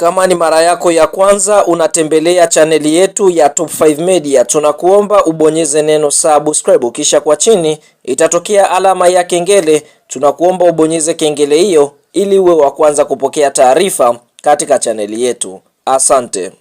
Kama ni mara yako ya kwanza unatembelea chaneli yetu ya Top 5 Media, tunakuomba ubonyeze neno subscribe, kisha kwa chini itatokea alama ya kengele. Tunakuomba ubonyeze kengele hiyo ili uwe wa kwanza kupokea taarifa katika chaneli yetu. Asante.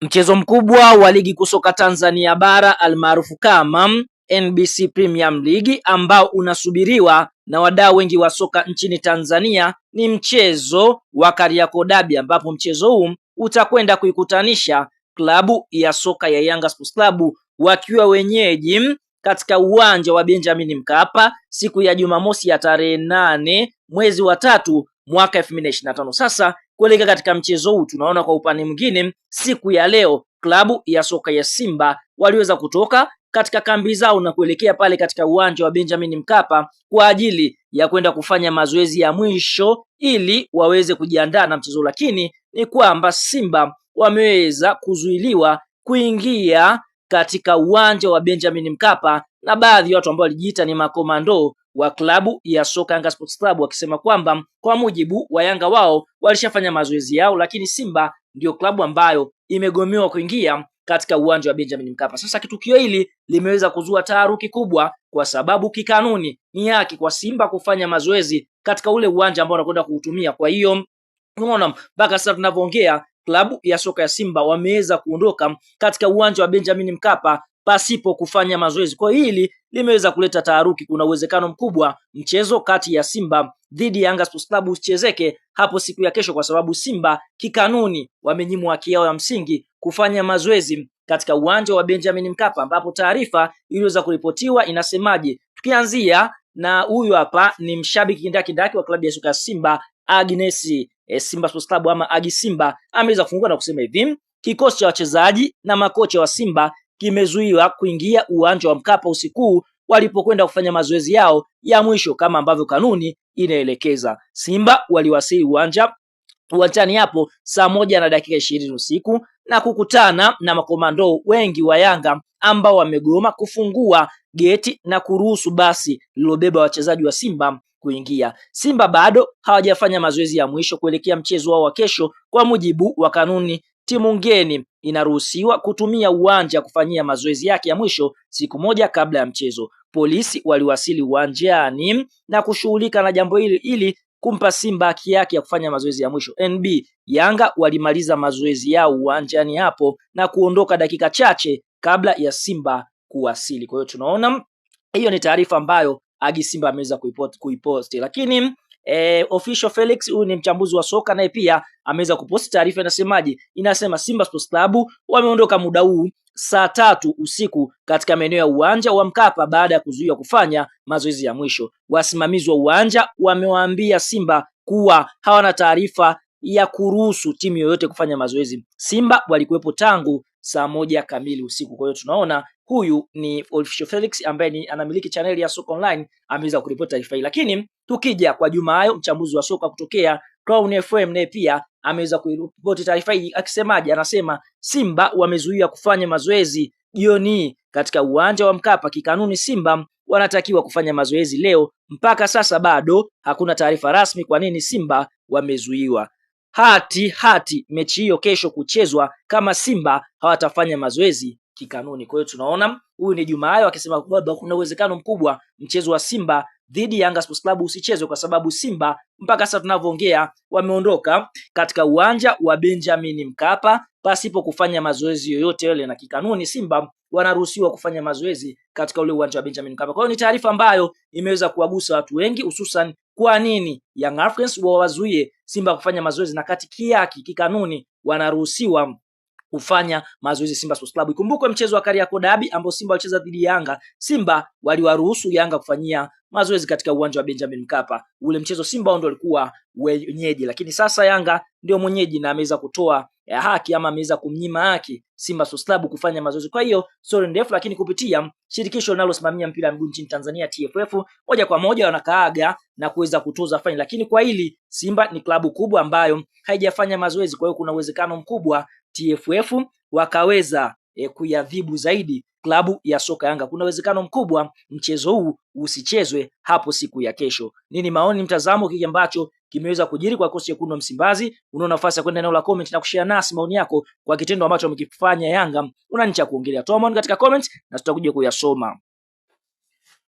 Mchezo mkubwa wa ligi kusoka Tanzania bara almaarufu kama NBC Premium League ambao unasubiriwa na wadau wengi wa soka nchini Tanzania ni mchezo wa Kariakoo Derby, ambapo mchezo huu utakwenda kuikutanisha klabu ya soka ya Yanga Sports Club wakiwa wenyeji katika uwanja wa Benjamin Mkapa siku ya Jumamosi ya tarehe nane mwezi wa tatu mwaka 2025. Sasa kuelekea katika mchezo huu, tunaona kwa upande mwingine, siku ya leo klabu ya soka ya Simba waliweza kutoka katika kambi zao na kuelekea pale katika uwanja wa Benjamin Mkapa kwa ajili ya kwenda kufanya mazoezi ya mwisho ili waweze kujiandaa na mchezo, lakini ni kwamba Simba wameweza kuzuiliwa kuingia katika uwanja wa Benjamin Mkapa na baadhi ya watu ambao walijiita ni makomando wa klabu ya soka Yanga Sports Club wakisema kwamba kwa mujibu wa Yanga wao walishafanya mazoezi yao, lakini Simba ndiyo klabu ambayo imegomewa kuingia katika uwanja wa Benjamin Mkapa. Sasa kitukio hili limeweza kuzua taharuki kubwa, kwa sababu kikanuni ni haki kwa Simba kufanya mazoezi katika ule uwanja ambao wanakwenda kuutumia. Kwa hiyo unaona, mpaka sasa tunavyoongea klabu ya soka ya Simba wameweza kuondoka katika uwanja wa Benjamin Mkapa pasipo kufanya mazoezi. Kwa hili limeweza kuleta taharuki. Kuna uwezekano mkubwa mchezo kati ya Simba dhidi ya Yanga Sports Club usichezeke hapo siku ya kesho, kwa sababu Simba kikanuni wamenyimwa haki yao ya msingi kufanya mazoezi katika uwanja wa Benjamin Mkapa, ambapo taarifa iliyoweza kuripotiwa inasemaje? Tukianzia na huyu hapa ni mshabiki kindakindaki wa klabu ya soka Simba Agnes e, Simba Sports Club ama Agi Simba ameweza kufungua na kusema hivi: kikosi cha wachezaji na makocha wa Simba kimezuiwa kuingia uwanja wa Mkapa usiku walipokwenda kufanya mazoezi yao ya mwisho kama ambavyo kanuni inaelekeza. Simba waliwasili uwanja uwanjani hapo saa moja na dakika ishirini usiku na kukutana na makomando wengi wa Yanga ambao wamegoma kufungua geti na kuruhusu basi lilobeba wachezaji wa Simba kuingia. Simba bado hawajafanya mazoezi ya mwisho kuelekea mchezo wao wa kesho kwa mujibu wa kanuni timu ngeni inaruhusiwa kutumia uwanja kufanyia mazoezi yake ya mwisho siku moja kabla ya mchezo. Polisi waliwasili uwanjani na kushughulika na jambo hili ili kumpa Simba haki yake ya kufanya mazoezi ya mwisho. NB Yanga walimaliza mazoezi yao uwanjani hapo na kuondoka dakika chache kabla ya Simba kuwasili. Kwa hiyo tunaona hiyo ni taarifa ambayo Agi Simba ameweza kuiposti, lakini E, official Felix huyu ni mchambuzi wa soka naye pia ameweza kuposti taarifa inasemaje? Inasema Simba Sports Club wameondoka muda huu saa tatu usiku katika maeneo ya uwanja wa Mkapa baada ya kuzuia kufanya mazoezi ya mwisho. Wasimamizi wa uwanja wamewaambia Simba kuwa hawana taarifa ya kuruhusu timu yoyote kufanya mazoezi. Simba walikuwepo tangu saa moja kamili usiku. Kwa hiyo tunaona huyu ni Official Felix ambaye ni anamiliki chaneli ya Soka Online ameweza kuripoti taarifa hii, lakini tukija kwa juma hayo mchambuzi wa soka kutokea Crown FM naye pia ameweza kuripoti taarifa hii akisemaje? Anasema Simba wamezuia kufanya mazoezi jioni katika uwanja wa Mkapa. Kikanuni, Simba wanatakiwa kufanya mazoezi leo. Mpaka sasa bado hakuna taarifa rasmi kwa nini Simba wamezuiwa hati hati mechi hiyo kesho kuchezwa kama Simba hawatafanya mazoezi kikanuni. Kwa hiyo tunaona huyu ni Jumayo akisema kwamba kuna uwezekano mkubwa mchezo wa Simba dhidi ya Yanga Sports Club usichezwe kwa sababu Simba mpaka sasa tunavyoongea wameondoka katika uwanja wa Benjamin Mkapa pasipo kufanya mazoezi yoyote yale, na kikanuni Simba wanaruhusiwa kufanya mazoezi katika ule uwanja wa Benjamin Mkapa. Kwa hiyo ni taarifa ambayo imeweza kuwagusa watu wengi, hususan kwa nini Young Africans wawazuie Simba kufanya mazoezi na kati kiaki kikanuni wanaruhusiwa kufanya mazoezi Simba Sports Club. Ikumbukwe mchezo wa Kariakoo Derby ambao Simba walicheza dhidi ya Yanga, Simba waliwaruhusu Yanga kufanyia mazoezi katika uwanja wa Benjamin Mkapa. Ule mchezo Simba ndio alikuwa wenyeji, lakini sasa Yanga ndio mwenyeji na ameweza kutoa eh, haki ama ameweza kumnyima haki Simba Sports Club kufanya mazoezi. Kwa hiyo stori ndefu, lakini kupitia shirikisho linalosimamia mpira wa miguu nchini Tanzania TFF, moja kwa moja wanakaaga na kuweza kutoza faini, lakini kwa hili Simba ni klabu kubwa ambayo haijafanya mazoezi, kwa hiyo kuna uwezekano mkubwa TFF wakaweza e, kuiadhibu zaidi klabu ya soka Yanga. Kuna uwezekano mkubwa mchezo huu usichezwe hapo siku ya kesho. Nini maoni, mtazamo, kile ambacho kimeweza kujiri kwa kosi wekundu Msimbazi? Una nafasi ya kwenda eneo la comment na kushare nasi maoni yako kwa kitendo ambacho wamekifanya Yanga. Una nchi ya kuongelea? Toa maoni katika comment na tutakuja kuyasoma.